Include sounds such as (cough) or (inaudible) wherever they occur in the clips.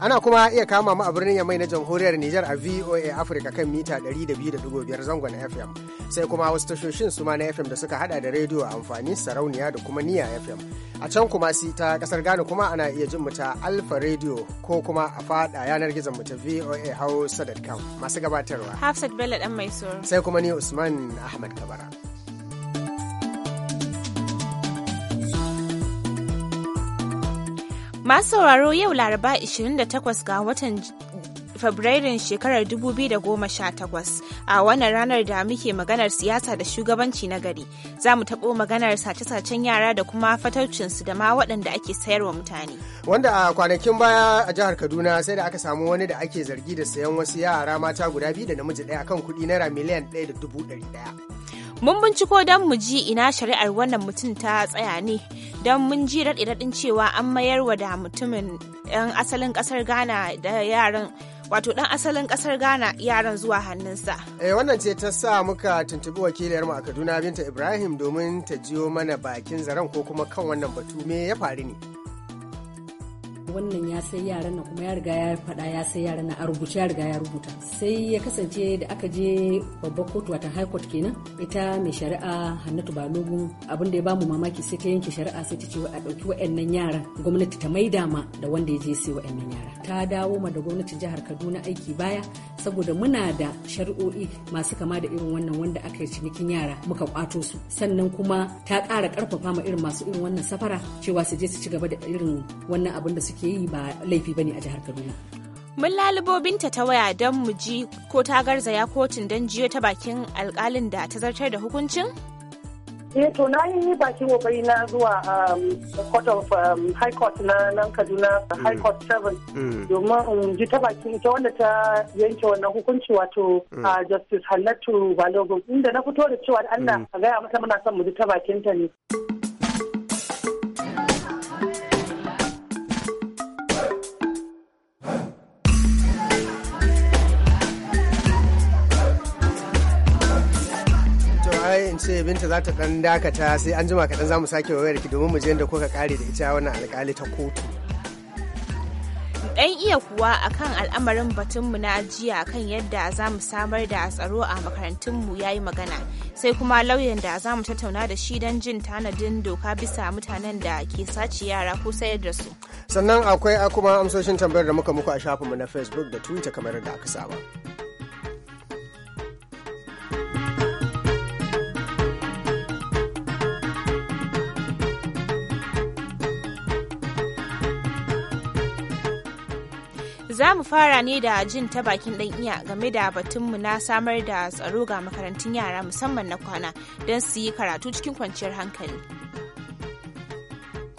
Ana kuma iya kama mu a birnin Yamai na Jamhuriyar Nijar a VOA Africa kan mita 200.5 zangon FM. Sai kuma wasu tashoshin su ma na FM da suka hada da rediyo a amfani sarauniya da kuma niya FM. A can kuma si ta kasar Ghana kuma ana iya jin mu ta Alfa Radio ko kuma a fada yanar gizon mu ta VOA Hausa.com. Masu gabatarwa. Hafsat Bello dan mai Sai kuma ni Usman Ahmad Kabara. Masu sauraro yau Laraba 28 ga watan Fabrairun shekarar 2018 a wannan ranar da muke maganar siyasa da shugabanci na gari za mu taɓo maganar sace-sacen yara da kuma fataucinsu da ma waɗanda ake sayarwa mutane. Wanda a kwanakin baya a jihar Kaduna sai da aka samu wani da ake zargi da sayan wasu yara mata guda biyu da namiji ɗaya kan kuɗi naira miliyan ɗaya da dubu ɗari ɗaya. Mun binciko don mu ji ina shari'ar wannan mutum ta tsaya ne, don mun ji raɗi daɗin cewa an mayar wa da mutumin ɗan asalin ƙasar Ghana da yaran wato ɗan asalin ƙasar Ghana yaran zuwa hannunsa. Eh wannan ce ta sa muka tuntubi wakilarmu a Kaduna Binta Ibrahim domin ta jiyo mana bakin zaren ko kuma kan wannan batu me ya faru ne. wannan ya sai yaran na kuma ya riga ya faɗa ya sai yaran na a rubuce ya riga ya rubuta sai ya kasance da aka je babbar kotu watan high court kenan ita mai shari'a hannatu balogu abin da ya bamu mamaki sai ta yanke shari'a sai ta ce a ɗauki wa'annan yaran gwamnati ta maida ma da wanda ya je sai wa'annan yara ta dawo ma da gwamnatin jihar kaduna aiki baya saboda muna da shari'o'i masu kama da irin wannan wanda aka yi cinikin yara muka kwato su sannan kuma ta ƙara ƙarfafa ma irin masu irin wannan safara cewa su je su ci gaba da irin wannan abin da suke ke yi ba laifi bane a jihar Kaduna. Mun lalubobinta ta waya don mu ji ko ta garzaya kotun don jiyo ta bakin alkalin da ta zartar da hukuncin? Eh to na yi bakin kokari na zuwa um, court of um, high court na nan Kaduna mm. high court 7 mm. domin in ji ta bakin ita wanda ta yanke wannan hukunci wato mm. uh, justice Hannatu Balogun inda na fito da cewa Allah a gaya mata muna son mu ji ta bakin ta ne. in ce binta za ta dan dakata sai an jima kaɗan za sake wayar ki domin mu je da kuka kare da ita wannan alƙali ta kotu. dan iya kuwa a kan al'amarin batunmu na jiya kan yadda za mu samar da tsaro a makarantunmu ya yi magana sai kuma lauyan da za mu tattauna da shi don jin tanadin doka bisa mutanen da ke sace yara ko sayar da su. Sannan akwai kuma amsoshin tambayar da muka muku a shafinmu na Facebook da Twitter kamar da aka saba. za mu fara ne da jin ta bakin ɗan iya game da batunmu na samar da tsaro ga makarantun yara musamman na kwana don su yi karatu cikin kwanciyar hankali.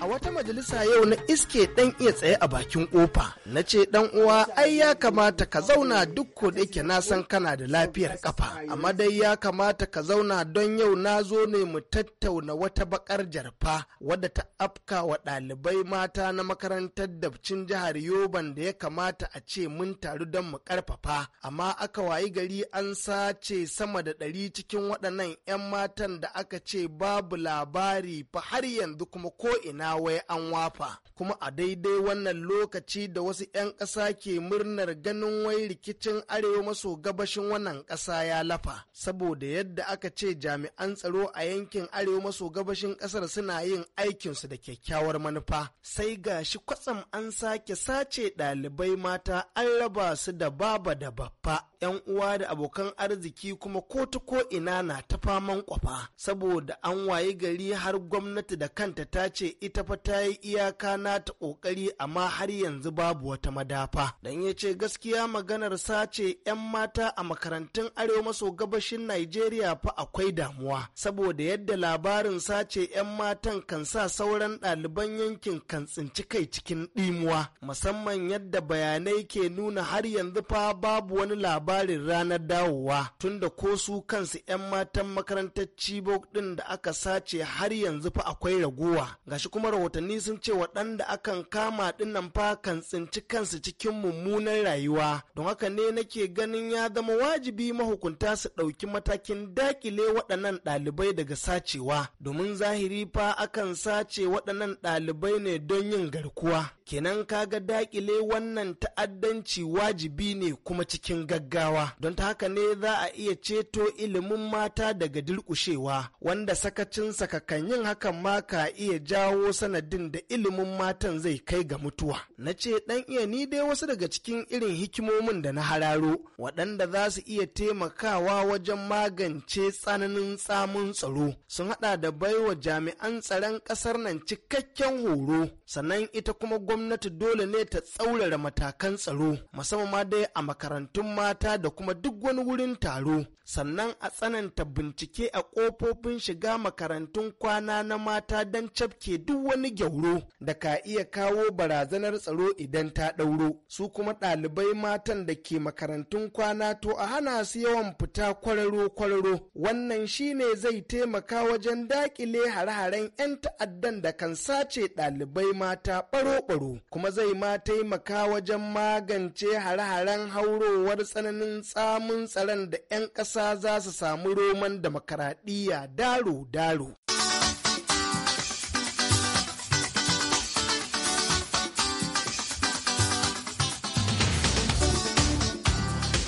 A wata majalisa yau na iske ɗan iya tsaye a bakin ƙofa. Na ce ɗan uwa ai ya kamata ka zauna duk ko da yake na san kana da lafiyar kafa. Amma dai ya kamata ka zauna don yau na zo ne mu tattauna wata bakar jarfa wadda ta afka wa ɗalibai mata na makarantar dabcin jihar Yoban da ya kamata a ce mun taru don mu ƙarfafa. Amma aka wayi gari an sace sama da ɗari cikin waɗannan 'yan matan da aka ce babu labari fa har yanzu kuma ko ina wai an wafa kuma a daidai wannan lokaci da wasu 'yan ƙasa ke murnar ganin wai rikicin arewa maso gabashin wannan ƙasa ya lafa saboda yadda aka ce jami'an tsaro a yankin arewa maso gabashin ƙasar suna yin aikinsu da kyakkyawar manufa sai ga shi kwatsam an sake sace ɗalibai mata an raba su da baba da baffa 'yan uwa da abokan arziki kuma ko ta ko ina na ta faman kwafa saboda an wayi gari har gwamnati da kanta ta ce ita madafa ta yi iyaka na ta ƙoƙari amma har yanzu babu wata madafa. Dan ya ce gaskiya maganar sace 'yan mata a makarantun arewa maso gabashin Najeriya fa akwai damuwa. Saboda yadda labarin sace 'yan matan kan sa sauran ɗaliban yankin kan tsinci kai cikin ɗimuwa. Musamman yadda bayanai ke nuna har yanzu fa babu wani labarin ranar dawowa. Tunda ko su kansu 'yan matan makarantar Chibok ɗin da aka sace har yanzu fa akwai raguwa. Gashi kuma rahotanni sun ce waɗanda akan kama nan fa kan tsinci kansu cikin mummunan rayuwa don haka ne nake ganin ya zama wajibi mahukunta su ɗauki matakin dakile waɗannan ɗalibai daga sacewa domin zahiri fa akan sace waɗannan ɗalibai ne don yin garkuwa kenan kaga dakile wannan ta'addanci wajibi ne kuma cikin gaggawa don ta haka ne za a iya ceto ilimin mata daga durƙushewa wanda sakacin sakakan yin hakan ma ka iya jawo sanadin da ilimin matan zai kai ga mutuwa na ce dan iya ni dai wasu daga cikin irin hikimomin da na hararo waɗanda za su iya taimakawa wajen magance tsananin tsamin tsaro sun haɗa da baiwa jami'an tsaron ƙasar nan cikakken horo sannan ita kuma gwamnati dole ne ta tsaurara matakan tsaro musamman ma dai a makarantun mata da kuma duk wani wurin taro sannan a tsananta bincike a ƙofofin shiga makarantun kwana na mata don cafke duk wani gyauro da ka iya kawo barazanar tsaro idan ta ɗauro su kuma ɗalibai matan da ke makarantun kwana to a hana su yawan fita kwararo-kwararo wannan shine zai taimaka wajen daƙile hare-haren 'yan ta'addan da kan sace ɗalibai mata ɓaro-ɓaro kuma zai ma taimaka wajen magance hare-haren haurowar tsananin tsamun tsaron da 'yan ƙasa za su samu roman da daro-daro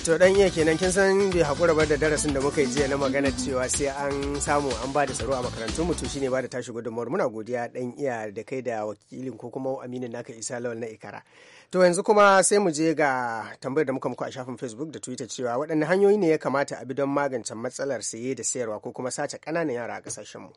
to dan iya kenan kin san bai hakura ba da darasin da muka yi jiya na magana cewa sai an samu an ba da tsaro a makarantun mu to shine ba da tashi gudunmuwar muna godiya dan iya da kai da wakilin ko kuma Aminu naka Isa Lawal na Ikara to yanzu kuma sai mu je ga tambayar da muka muku a shafin Facebook da Twitter cewa waɗanne hanyoyi ne ya kamata a bi don magance matsalar saye da sayarwa ko kuma sace kananan yara a ƙasashen mu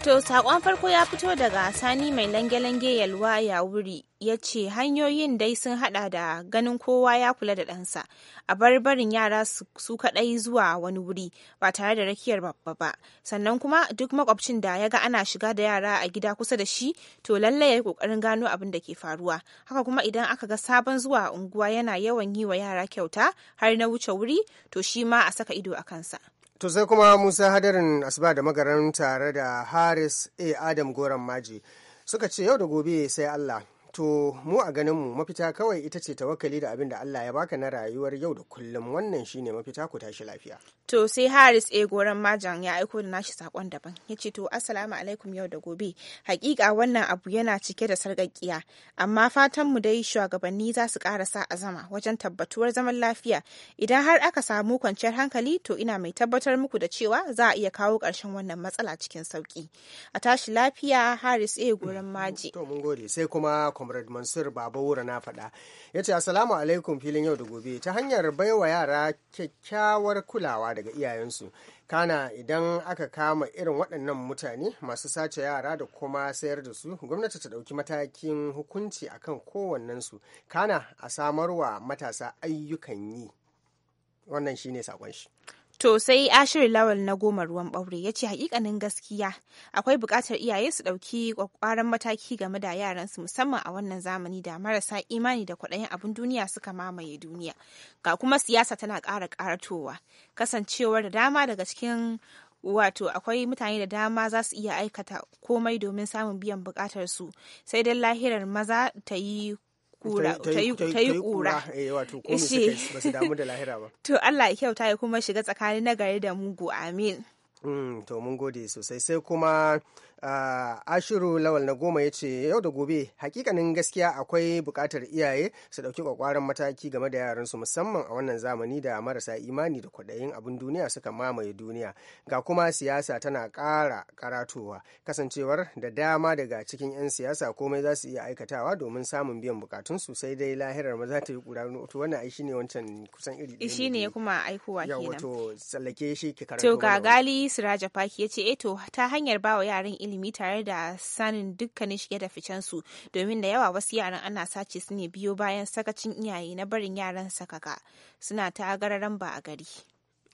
To saƙon farko ya fito daga sani mai lange-lange yalwa ya wuri ya ce hanyoyin dai sun hada da ganin kowa ya kula da ɗansa a bar barin yara su kaɗai zuwa wani wuri ba tare da rakiyar babba ba sannan kuma duk makwabcin da ya ga ana shiga da yara a gida kusa da shi to lallai ya yi kokarin gano abin da ke faruwa haka kuma idan aka ga sabon zuwa unguwa yana yawan yi wa yara kyauta har na wuce wuri to shi ma a saka ido a kansa. To sai kuma Musa Hadarin Asuba da magaran tare da Haris A. Adam Goran Maji suka ce yau da gobe sai Allah. To mu a ganinmu mafita kawai ita ce tawakkali da abin da Allah ya baka na rayuwar yau da kullum wannan shine mafita ku tashi lafiya. To sai Haris A. Eh, Goran Majan ya aiko da nashi sakon daban. Ya ce to Assalamu alaikum yau da gobe. Hakika wannan abu yana cike da sargaggiya. Amma fatan mu dai shugabanni za su karasa azama wajen tabbatuwar zaman lafiya. Idan har aka samu kwanciyar hankali to ina mai tabbatar muku da cewa za a iya kawo ƙarshen wannan matsala cikin sauƙi. A tashi lafiya Haris A. Eh, Goran mm, Maji. To mun gode sai kuma Comrade Mansur Baba Wura na faɗa. Ya ce Assalamu alaikum filin yau da gobe ta hanyar baiwa yara kyakkyawar kulawa da daga iyayensu kana idan aka kama irin waɗannan mutane masu sace yara da kuma sayar da su gwamnati ta ɗauki matakin hukunci akan kowannensu kana a samarwa matasa ayyukan yi wannan shine sakon shi To sai Ashir Lawal na goma ruwan ɓaure ya ce hakikanin gaskiya akwai buƙatar iyaye su ɗauki ƙwaƙwaran mataki game da yaransu musamman a wannan zamani da marasa imani da kwaɗayin abin duniya suka mamaye duniya. Ga kuma siyasa tana ƙara ƙaratowa kasancewar da dama daga cikin wato akwai mutane da dama za su iya aikata komai domin samun biyan bukatar su sai dai lahirar maza ta yi kura ta eh, yi kura (laughs) to Allah ya kyauta ya kuma shiga tsakanin nagari da mugu amin mm, to mun gode sosai sai kuma ashiru lawal na goma ya ce yau da gobe hakikanin gaskiya akwai bukatar iyaye su ɗauki ƙwaƙwaran mataki game da yaransu musamman a wannan zamani da marasa imani da kwaɗayin abin duniya suka mamaye duniya ga kuma siyasa tana kara karatowa kasancewar da dama daga cikin 'yan siyasa komai za su iya aikatawa domin samun biyan su sai dai lahirar maza ta yi ƙura to wannan ai shine wancan kusan iri eh, shi ne kuma aikowa kenan to tsallake shi ki karanta to ga gali siraja faki ya ce eh to ta hanyar bawa yaran ilimi tare da sanin dukkanin shige da ficen su domin da yawa wasu yaran ana sace su ne biyo bayan sakacin iyaye na barin yaran sakaka suna ta gararan ba a gari.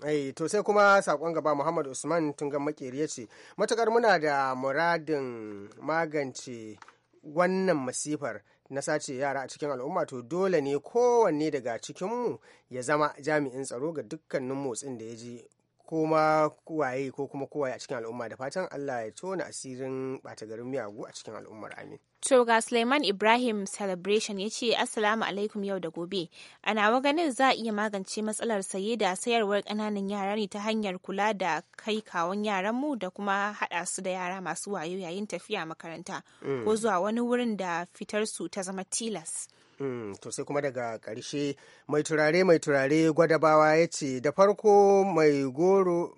Ai, to sai kuma sakon gaba Muhammad Usman tun makeri yace ce, matukar muna da muradin magance wannan masifar na sace yara a cikin al'umma to dole ne kowanne daga cikinmu ya zama jami'in tsaro ga dukkanin motsin da ya je. koma kuwaye ko kuma kowaye a cikin al'umma da fatan Allah ya tona asirin bata garin miyagu a cikin al'ummar amin. To ga Suleiman Ibrahim Celebration ya ce Assalamu alaikum yau da gobe. A nawa ganin za a iya magance matsalar saye da sayarwar ƙananan yara ne ta hanyar kula da kai kawon mu da kuma haɗa su da yara masu wayo yayin tafiya makaranta mm. ko zuwa wani wurin da fitar su ta zama tilas. Mm, to sai kuma daga karshe mai turare mai turare gwadabawa ya ce da farko mai goro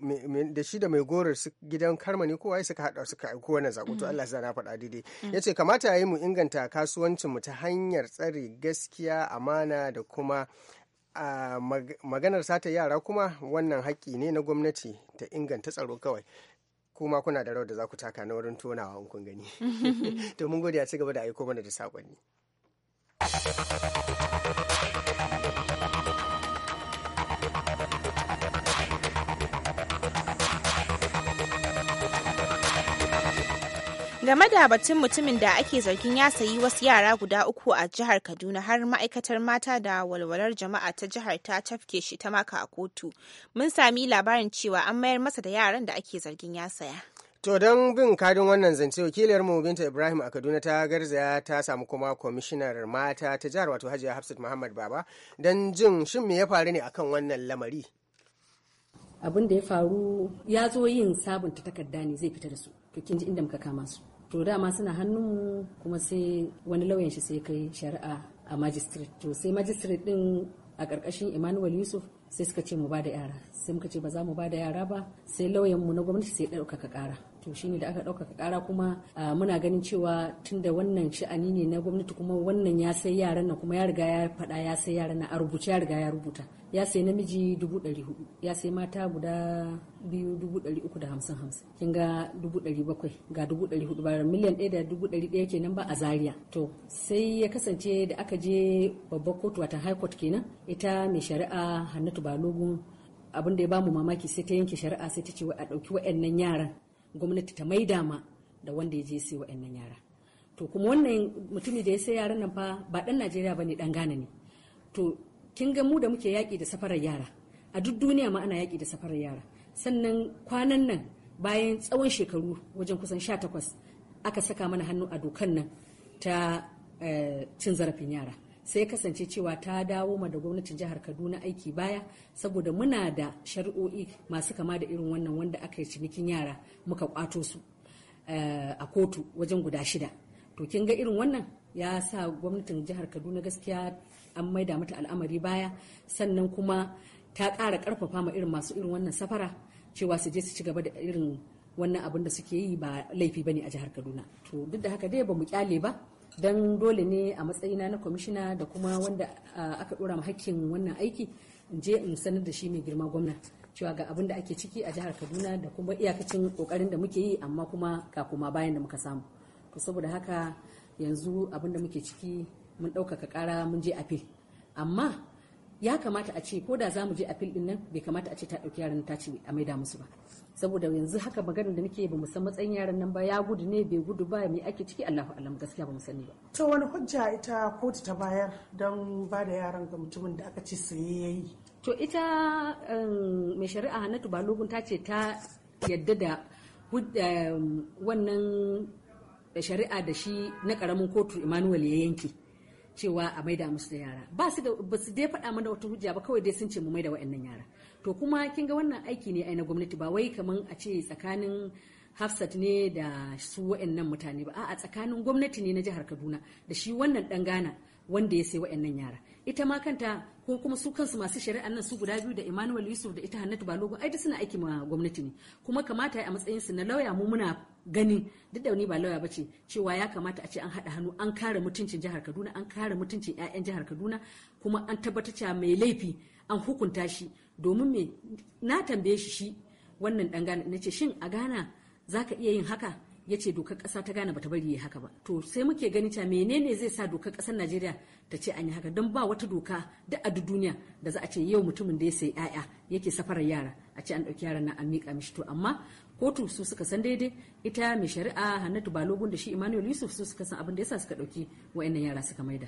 da shi da mai goro gidan karmani kowa ya suka haɗa suka aiko wannan to mm. Allah zana na faɗa daidai mm. ya ce kamata ya yi mu inganta kasuwancin mu ta hanyar tsare gaskiya amana da kuma maganar sata yara kuma wannan haƙƙi ne na gwamnati ta inganta tsaro kawai kuma kuna da rawar da za ku taka na wurin tonawa in kun gani (laughs) (laughs) to mun gode a ci gaba da aiko mana da sakonni. game da batun mutumin da ake zargin ya sayi wasu yara guda uku a jihar kaduna har ma'aikatar mata da walwalar jama'a ta jihar ta tafke shi ta maka a kotu mun sami labarin cewa an mayar masa da yaran da ake zargin ya saya To don bin kadin wannan zance wakiliyar mu Binta Ibrahim a Kaduna ta garzaya ta samu kuma kwamishinar mata ta jihar wato Hajiya Hafsat Muhammad Baba don jin shin me ya faru ne akan wannan lamari. Abin da ya faru ya zo yin sabunta takarda ne zai fita da su. To kin ji inda muka kama su. To dama suna hannunmu kuma sai wani lauyan shi sai kai shari'a a magistrate. To sai magistrate din a ƙarƙashin Emmanuel Yusuf sai suka ce mu ba yara sai muka ce ba za mu ba da yara ba sai lauyanmu mu na gwamnati sai ɗaukaka ƙara to shine da aka ɗaukaka ƙara kuma muna ganin cewa tunda wannan sha'ani ne na gwamnati kuma wannan ya sai yaran nan kuma ya riga ya faɗa ya sai yaran nan a rubuce ya riga ya rubuta ya sai namiji dubu ɗari hudu ya sai mata guda biyu dubu ɗari uku da hamsin hamsin kin ga dubu ɗari bakwai ga dubu ɗari hudu ba miliyan ɗaya da dubu ɗari ɗaya kenan ba a zaria to sai ya kasance da aka je babbar kotu watan high court kenan ita mai shari'a hannatu balogun abin da ya bamu mamaki sai ta yanke shari'a sai ta ce a ɗauki wa'annan yaran gwamnati ta maida ma da wanda ya je sai wa'annan yara to kuma wannan mutumin da ya sai yaran nan fa ba dan Najeriya bane dan Ghana ne to kin ga mu da muke yaki da safarar yara a duk duniya ma ana yaki da safarar yara sannan kwanan nan bayan tsawon shekaru wajen kusan 18 aka saka mana hannu a dokan nan ta eh, cin zarafin yara sai kasance cewa ta dawo ma da gwamnatin jihar kaduna aiki baya saboda muna da shari'o'i masu kama da irin wannan wanda aka yi cinikin yara muka kwato su eh, a kotu wajen guda shida to kin ga irin wannan ya sa gwamnatin jihar kaduna gaskiya an mai da mata al'amari baya sannan kuma ta ƙara ƙarfafa ma irin masu irin wannan safara cewa su je su ci gaba da irin wannan abin da suke yi ba laifi bane a jihar kaduna to duk da haka dai ba mu kyale ba don dole ne a matsayina na kwamishina da kuma wanda aka dora ma hakkin wannan aiki in je in sanar da shi mai girma gwamna cewa ga abin da ake ciki a jihar kaduna da kuma iyakacin kokarin da muke yi amma kuma ka kuma bayan da muka samu to saboda haka yanzu abin da muke ciki mun ɗaukaka ƙara mun je afe amma ya kamata a ce ko da za mu je fil din nan bai kamata a ce ta ɗauki yaran ta ce a maida musu ba saboda yanzu haka maganar da nake ba mu san matsayin yaran nan ba ya gudu ne bai gudu ba mai ake ciki Allahu alam gaskiya ba mu sani ba to wani hujja ita kotu ta bayar don ba da yaran ga mutumin da aka ce saye yayi to ita um, mai shari'a Hannatu Balogun ta ce ta yadda da um, wannan shari'a da shi na karamin kotu Emmanuel ya yanke cewa a maida musu da yara ba su da ba su dai faɗa mana wata hujja ba kawai dai sun ce mu maida waɗannan yara to kuma kin ga wannan aiki ne ai na gwamnati ba wai kaman a ce tsakanin Hafsat ne da su waɗannan mutane ba a'a tsakanin gwamnati ne na jihar Kaduna da shi wannan dan Ghana wanda ya sai waɗannan yara ita ma kanta ko kuma su kansu masu shari'a nan su guda biyu da Emmanuel Yusuf da ita Hannatu Balogo ai duk suna aiki ma gwamnati ne kuma kamata a matsayin su na lauya mu muna gani duk da ni ba lauya bace cewa ya kamata a ce an haɗa hannu an kare mutuncin jihar Kaduna an kare mutuncin ƴaƴan jihar Kaduna kuma an tabbatar cewa mai laifi an hukunta shi domin me na tambaye shi shi wannan dangane nace shin a Ghana zaka iya yin haka ya ce dokar kasa ta gane bata bari ya haka ba to sai muke gani ta menene zai sa dokar kasar najeriya ta ce an yi haka don ba wata doka da a duniya da za a ce yau mutumin da ya sayi 'ya'ya yake safarar yara a ce an ɗauki yaran nan an miƙa mishi to amma kotu su suka san daidai ita mai shari'a hannatu balogun da shi emmanuel yusuf su suka san abin da yasa suka ɗauki wa'annan yara suka maida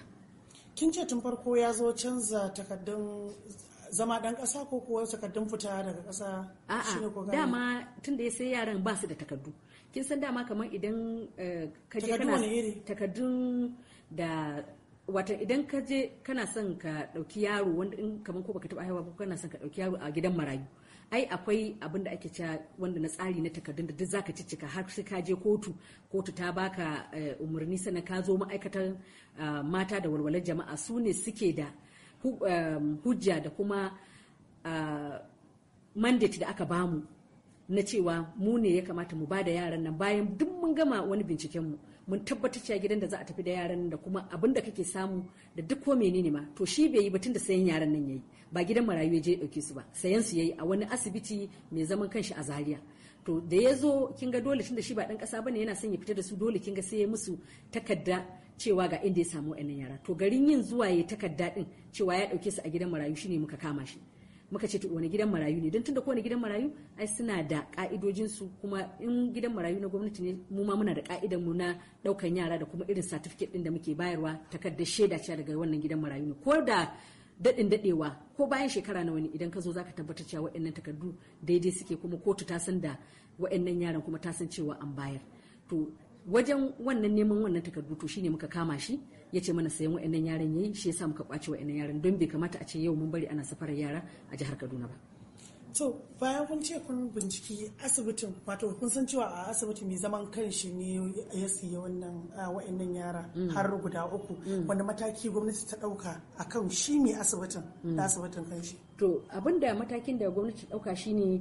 kin ce tun farko ya zo canza takardun zama dan ƙasa ko kuwa takardun fita daga ƙasa a'a dama tun da ya sai yaran ba su da takardu kin san dama kamar idan eh, ka je kana takardun da wata idan ka je kana son ka dauki yaro wanda in kamar ko baka taba haihuwa ko kana son ka dauki yaro a gidan marayu ai akwai abin da ake cewa wanda na tsari na takardun da duk zaka ciccika har sai ka je kotu kotu ta baka eh, umarni sannan ka zo ma'aikatan eh, mata da walwalar jama'a su ne suke da hujja da kuma mandate da aka bamu na cewa mu ne ya kamata mu bada yaran nan bayan duk mun gama wani binciken mu mun tabbatar cewa gidan da za a tafi da yaran nan da kuma abin da kake samu da duk ko menene ma to shi bai yi batun da sayan yaran nan yayi ba gidan marayu ya je dauke su ba sayan su yayi a wani asibiti mai zaman kanshi a Zaria to da ya zo kin ga dole tunda shi ba dan kasa bane yana son ya fita da su dole kin ga sai ya musu takarda cewa ga inda ya samu wa'annan yara to garin yin zuwa ya takarda din cewa ya dauke su a gidan marayu shine muka kama shi muka ce wani gidan marayu ne don tunda kowane gidan marayu ai suna da ka'idojin su kuma in gidan marayu na gwamnati ne mu ma muna da ka'idan mu na daukan yara da kuma irin certificate din da muke bayarwa takardar shaida cewa daga wannan gidan marayu ne ko da daɗin daɗewa ko bayan shekara na wani idan ka zo zaka tabbatar cewa waɗannan takardu daidai suke kuma kotu ta san da waɗannan yaran kuma ta san cewa an bayar to wajen wannan neman wannan takardu to shine muka kama shi ya ce mana sayan wa'annan yaran yayi shi yasa muka kwace wa'annan yaran don bai kamata a ce yau mun bari ana safarar yara a jihar Kaduna ba to bayan kun ce kun binciki asibitin wato kun san cewa a asibiti mai zaman kanshi ne ya siya wannan wa'annan yara mm. har guda uku mm. wanda mataki gwamnati ta dauka akan shi mai asibitin da mm. asibitin kanshi to abinda matakin da gwamnati ta dauka shine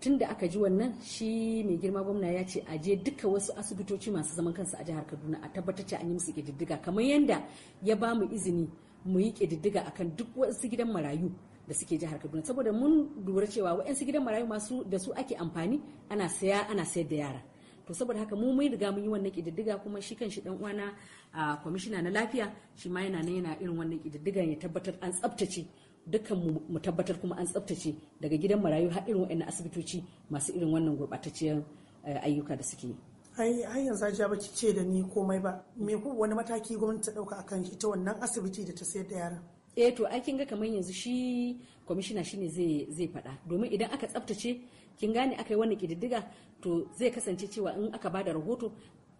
tun da aka ji wannan shi mai girma gwamna ya ce a je duka wasu asibitoci masu zaman kansu a jihar kaduna a tabbatar an yi musu ƙididdiga kamar yadda ya ba mu izini mu yi ƙididdiga akan duk wasu gidan marayu da suke jihar kaduna saboda mun lura cewa wa'yansu gidan marayu masu da su ake amfani ana saya ana sayar da yara to saboda haka mu mun riga mun yi wannan kididdiga kuma shi kanshi dan uwana a kwamishina na lafiya shi ma yana yana irin wannan kididdigan ya tabbatar an tsabtace dukkan mu tabbatar kuma an tsaftace daga gidan marayu har irin wa'annan asibitoci masu irin wannan gurɓatacciyar eh, ayyuka da suke yi. ai har yanzu ce da ni komai ba me wani mataki gwamnati ta dauka akan ita wannan asibiti da ta sayar da yaran eh to ai kin ga kamar yanzu shi kwamishina shine zai zai faɗa domin idan aka tsaftace kin gane aka yi wannan ƙididdiga to zai kasance cewa in aka bada rahoto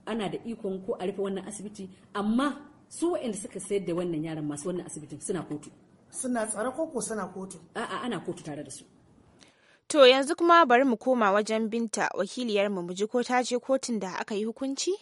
ana da ikon ko a rufe wannan asibiti amma su waɗanda suka sayar da wannan yaran masu wannan asibitin suna kotu suna tsare koko suna kotu a'a ana kotu tare da su to yanzu kuma bari mu koma wajen binta wakiliyar mu muji ko ta je kotun da aka yi hukunci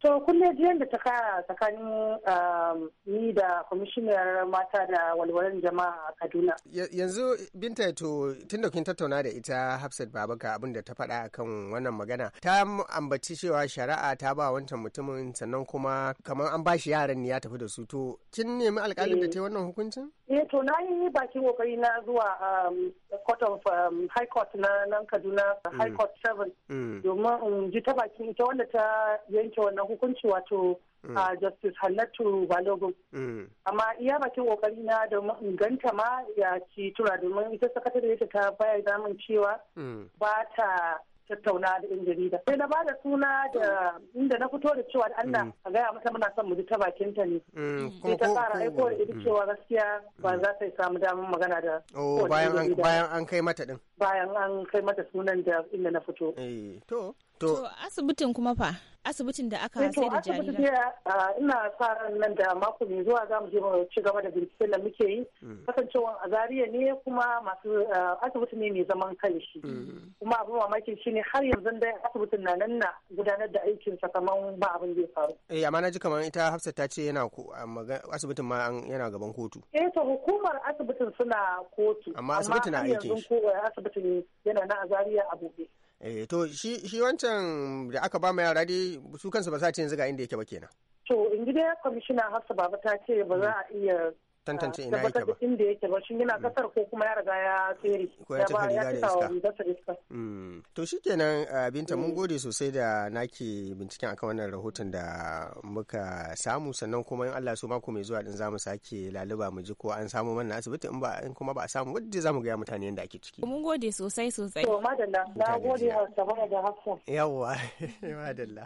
to kullum jiyan da ta kara tsakanin um, ni da kwamishiniyar mata da walwalar jama'a a kaduna yanzu binta to tun da kin tattauna da ita hafsat babaka abin da ta faɗa kan wannan magana ta ambaci cewa shari'a ta ba wancan mutumin sannan kuma kamar an bashi yaran ne ya tafi da su to kin nemi alƙalin da ta yi eh. wannan hukuncin eh to na yi bakin kokari na zuwa um, court of um, high court na nan kaduna mm. high court 7 mm. domin in ji ta bakin ita wanda ta yanke wannan hukunci wato a mm. uh, justice halatu balogun amma iya bakin kokari na domin in ganta ma ya ci tura domin ita sakatare ta ta bayar min cewa ba ta tattauna da yan jarida sai na ba da suna da inda na fito da cewa Allah mm. a gaya mata muna son mu ji ta bakin mm, ta ne sai ta fara aiko da ita mm. cewa gaskiya ba za ta samu damar magana da oh, bayan bayan an kai mata din bayan an kai mata sunan da inda na fito eh, to to asibitin kuma fa asibitin da aka eh, sai da jarira ina sa ran nan da mako mai zuwa za mu je mu ci gaba da binciken da muke yi mm. Kasancewar a zariya ne kuma masu asibiti ne mai zaman kanshi mm. kuma abin mamakin ne har yanzu dai asibitin na nan na gudanar da aikin sa kaman ba abin da ya faru eh amma na ji kamar ita Hafsat ta ce yana asibitin ma yana gaban kotu eh to hukumar asibitin suna kotu amma asibitin na aikin shi eh, asibitin yana na a zariya a buɗe eh to shi shi wancan da aka ba ma yara dai su kansu ba sa ce yanzu ga inda yake ba kenan to in gida kwamishina hafsa baba ta ce ba za a iya tantance ina yake ba inda yake ba shi yana mm. kasar ko kuma ya riga ya tsere ko ya tafi riga da iska mm. to shikenan uh, binta mun mm. gode sosai da nake binciken akan wannan rahoton da muka samu sannan kuma in Allah su mako mai zuwa din zamu sake laluba mu ji ko an samu mana asibiti in ba in kuma ba a samu wadda zamu ga mutane yanda ake ciki mun gode sosai sosai to madalla na gode har sabana da hafsa yawa (laughs) madalla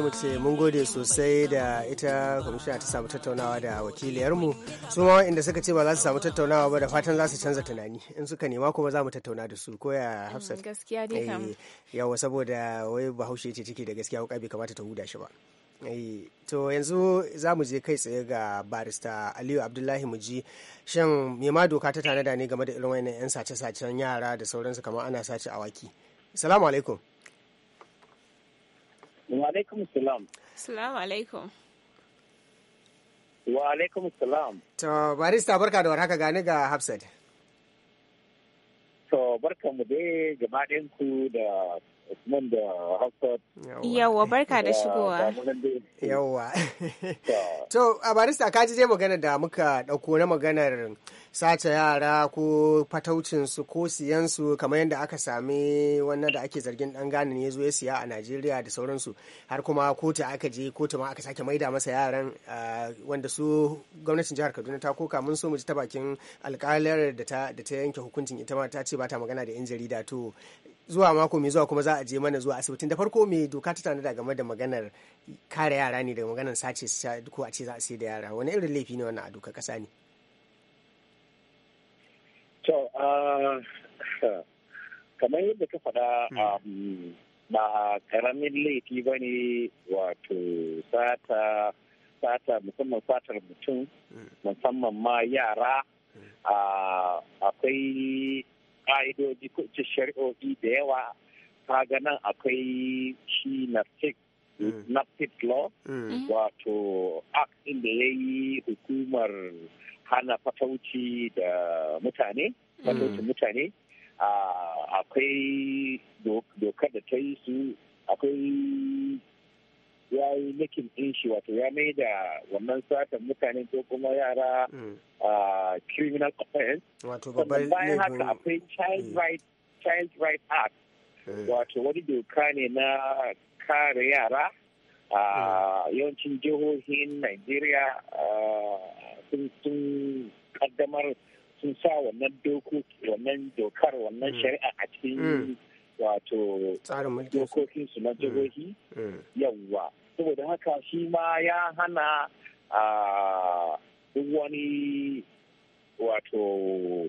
sai mu ce mun gode sosai da ita kwamishina ta samu tattaunawa da wakiliyarmu su ma inda suka ce ba za su samu tattaunawa ba da fatan za su canza tunani in suka nema kuma za mu tattauna da su koya hafsa mm, gaskiya ne kam eh, yawa saboda wai bahaushe ce take da gaskiya wuka bai kamata ta huda shi ba eh, to yanzu za mu je kai tsaye ga barista aliyu abdullahi muji shan ma doka ta tanada ne game da irin wayannan 'yan sace-sacen yara da sauransu kamar ana sace awaki salamu alaikum Wa alaikum salam. Salamu alaikum. Wa alaikum salam. To barista barka da warhaka gani ga Hafsat. To barka mu dai gaba ku da Usman da Hassan. Yawwa barka da shigowa. Yawwa. (laughs) To a barista ka ji dai magana da muka ɗauko na maganar sace yara ko fataucinsu ko siyansu kamar yadda aka sami wannan da ake zargin ɗan ganin ya zo ya siya a Najeriya da sauransu har kuma kotu aka je kotu ma aka sake maida masa yaran wanda su gwamnatin jihar Kaduna ta koka mun so mu ji ta bakin alƙalar da ta yanke hukuncin ita ma ta ce ba ta magana da 'yan jarida to zuwa mako mai zuwa kuma za a je mana zuwa asibitin da farko mai doka ta tanada game da maganar kare yara ne daga maganar sace ko a ce za a sai da yara wani irin laifi ne wannan a doka kasa ne to kamar yadda ka faɗa hmm. um, ba karamin laifi ba ne wato sata sata musamman satar mutum hmm. musamman ma yara hmm. akwai ka'idoji ko ce shari'o'i da yawa kaga nan akwai shi na mm. law mm. mm-hmm. wato act inda ya yi hukumar hana fatauci da mutane mm. fatauci mutane ah, akwai dokar da ta yi su akwai ya yi nikin ɗin shi wato ya mai da wannan satan mutanen ko kuma yara mm. criminal offense babban bayan haka akwai child mm. right child right act mm. wato wani doka ne na kare yara a yawancin jihohin nigeria sun kaddamar sun sa wannan dokoki wannan dokar wannan shari'a a cikin wato dokokinsu na jihohi yawwa saboda haka shi ma ya hana duk wani wato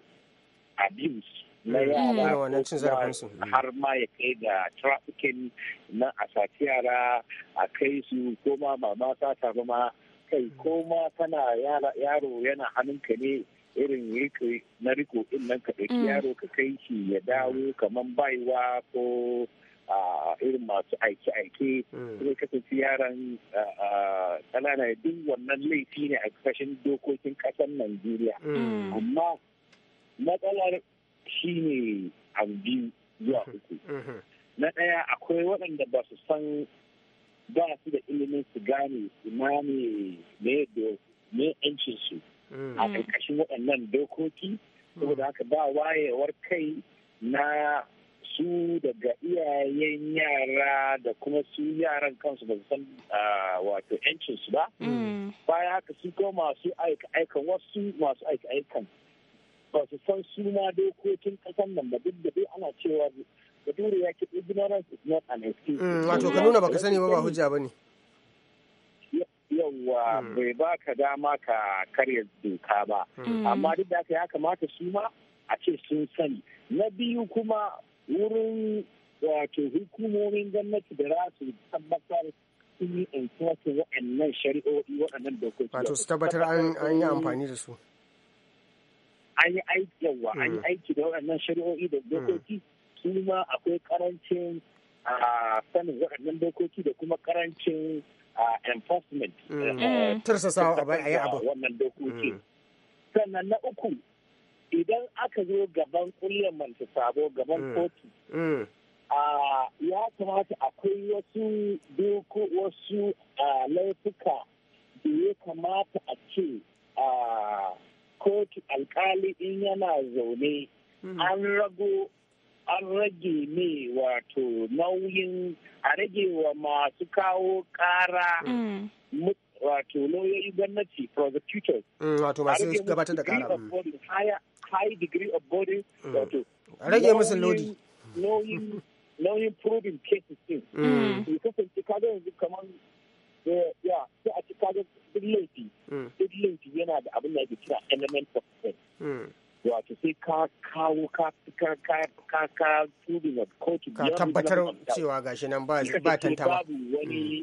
abuse na mm. yara mm. Mm. har ma ya kai da trafficking na a sati yara a kai su ko ma ba ma ta zama kai koma ma kana yaro yana hannunka ne irin na riko din nan ka ɗauki yaro ka kai shi ya dawo kaman baiwa ko a irin masu aiki-aiki. zai hmm. kasance yaran ƙanana duk wannan laifi ne a kashin dokokin ƙasar Najeriya. Hmm. Amma matsalar shi ne a biyu zuwa hmm. uku. Na ɗaya akwai waɗanda ba su san ba su da ilimin su gane imani ne ne yancin su a ƙarƙashin waɗannan dokoki saboda haka ba wayewar kai na su daga iyayen yara da kuma su yaran kansu ba san ah, wato su ba mm. bayan haka su kuma masu aika-aikan wasu masu aika-aikan ba su san su ma dokokin kasan nan ba duk da dai ana cewa bature ya ke ignorance is not an excuse mm, wato ka nuna baka sani ba ba hujja ne. yawwa mm. bai baka dama ka karya doka ba amma duk da haka ya kamata su ma a ce sun sani na biyu kuma wurin wato hukumomin gwamnati da za su tabbatar sun yi enforcing waɗannan shari'o'i waɗannan dokoki. Wato su tabbatar an yi amfani da su. An yi aiki yawa, an yi hmm. aiki da waɗannan shari'o'i da hmm. dokoki su ma akwai karancin sanin waɗannan dokoki da kuma karancin enforcement. Hmm. Eh, Tursasawa a yi abu. Wannan dokoki. Sannan na uku idan aka zo gaban kullum manta sabo gaban mm. kotu mm. ya kamata akwai wasu doko wasu laifuka da ya kamata a ce kotu alkali in yana zaune mm. an rago an rage ne wato nauyin a rage wa masu kawo kara wato lauyoyi gwamnati prosecutors wato masu gabatar da kara high degree of burden mm. rage musu lodi nauyin probing cases din mm. Mm. Eh, ya kasance yanzu kamar ya a Chicago duk laifi duk laifi yana da abin da ake kira element of wato sai ka kawo ka ka ka ka of court ka tabbatar cewa gashi nan ba ba tantama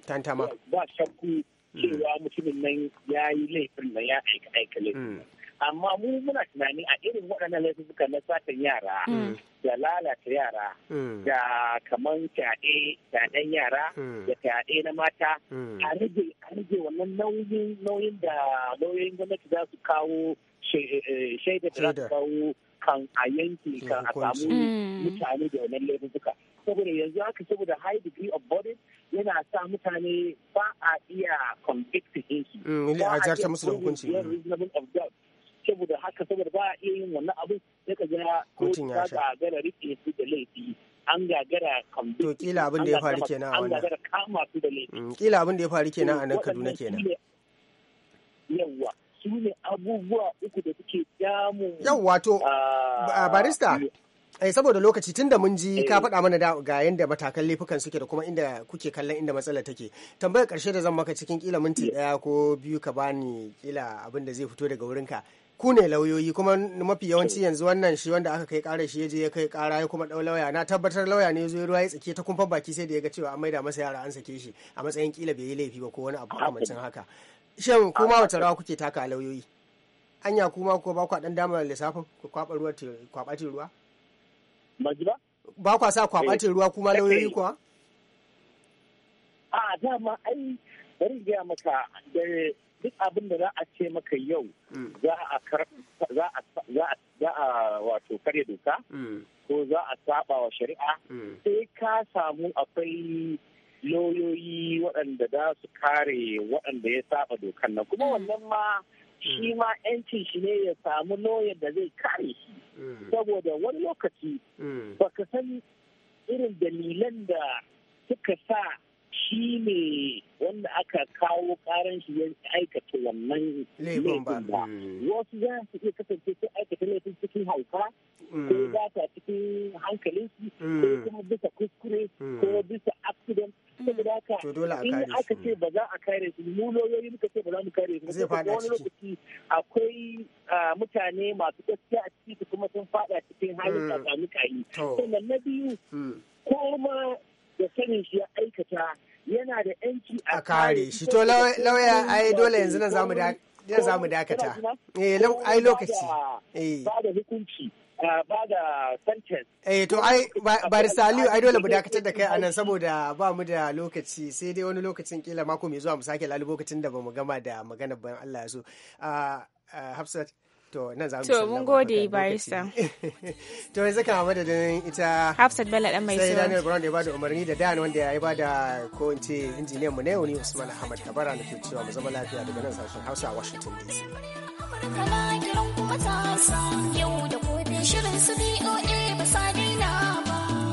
tantama ba shakku cewa mutumin nan ya yi laifin nan ya aika aika laifin amma mu muna tunani a irin waɗannan laifuka na satan yara mm. da lalata yara mm. da kaman fyaɗe fyaɗen yara mm. da fyaɗe na mata a rage wannan nauyin nauyin da nauyin gwamnati za su kawo eh, shaida da za su kawo kan a yanki kan a samu mutane da wannan laifuka saboda yanzu haka saboda high degree of burden yana sa mutane ba a iya convict ɗinsu. Ba a iya musu da hukunci. haka saboda ba a iya yin wannan abin sai ka jira ko ta gagara rike su da laifi an gagara kambi to kila abin da ya faru kenan a wannan an gagara kama su da laifi mm, kila abin da ya faru kenan a nan Kaduna kenan yawa su ne abubuwa uku da suke damu yawa to ah, barista eh saboda lokaci tunda mun ji ka eh. faɗa mana da ga yanda matakan laifukan suke da kuma inda kuke kallon inda matsalar take tambayar ƙarshe da zan maka cikin kila minti ɗaya ko biyu ka bani kila abin da zai fito daga wurinka ku ne lauyoyi kuma mafi eh. yawanci yanzu wannan shi wanda aka kai kara shi je ya kai kara ya kuma dau lauya na tabbatar lauya ne zo ruwa ya tsike ta kumfan baki sai da ya ga cewa an maida masa yara an sake shi a matsayin kila bai yi laifi ba ko wani abu kamancin haka shin kuma wata rawa kuke taka lauyoyi anya kuma ko ba ku dan dama lissafin ku kwaba ruwa ta ruwa ba ji ba ba kwa sa ta eh. ruwa kuma eh. lauyoyi kuwa a dama ai bari ga maka da duk abin da za a ce maka yau mm. za a wato karya doka mm. ko za a saba wa shari'a mm. sai ka samu akwai lauyoyi waɗanda za su kare waɗanda ya saba dokan nan kuma wannan ma shi ma 'yancin shi ne ya samu lauyan da zai kare shi saboda wani lokaci baka san irin dalilan da suka sa shi ne wanda aka kawo karan shi ya aikata wannan laifin ba mm. wasu za su iya kasance sun aikata laifin cikin hauka mm. ko za ta cikin hankalinsu ko mm. kuma bisa kuskure ko bisa accident saboda haka in aka ce ba za a kare su mu lauyoyi muka ce ba za mu kare su ba wani lokaci akwai mutane masu gaskiya a ciki kuma sun fada cikin halin da sami kayi sannan na biyu ko ma da sanin shi ya aikata yana da yanci a kare shi to lauya ai dole yanzu na zamu da zamu dakata eh ai lokaci eh ba da hukunci ba da sentence eh to ai barista Aliyu ai dole mu dakatar da kai anan saboda ba mu da lokaci sai dai wani lokacin kila mako mai zuwa mu sake lalubo lokacin da bamu gama da magana ban Allah ya so ah, ah, Hafsat To, na za mu To, mun gode barista. (laughs) To, yanzu kan madadin ita Hafsat Bello dan mai Sai Daniel Brown da ya bada umarni da Dan wanda ya bada ko in ce injiniyan mu ne wani Usman Ahmad Kabara na nake cewa mu zama lafiya daga nan sashen Hausa a Washington DC.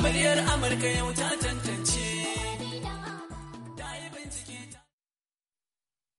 Muryar Amurka yau ta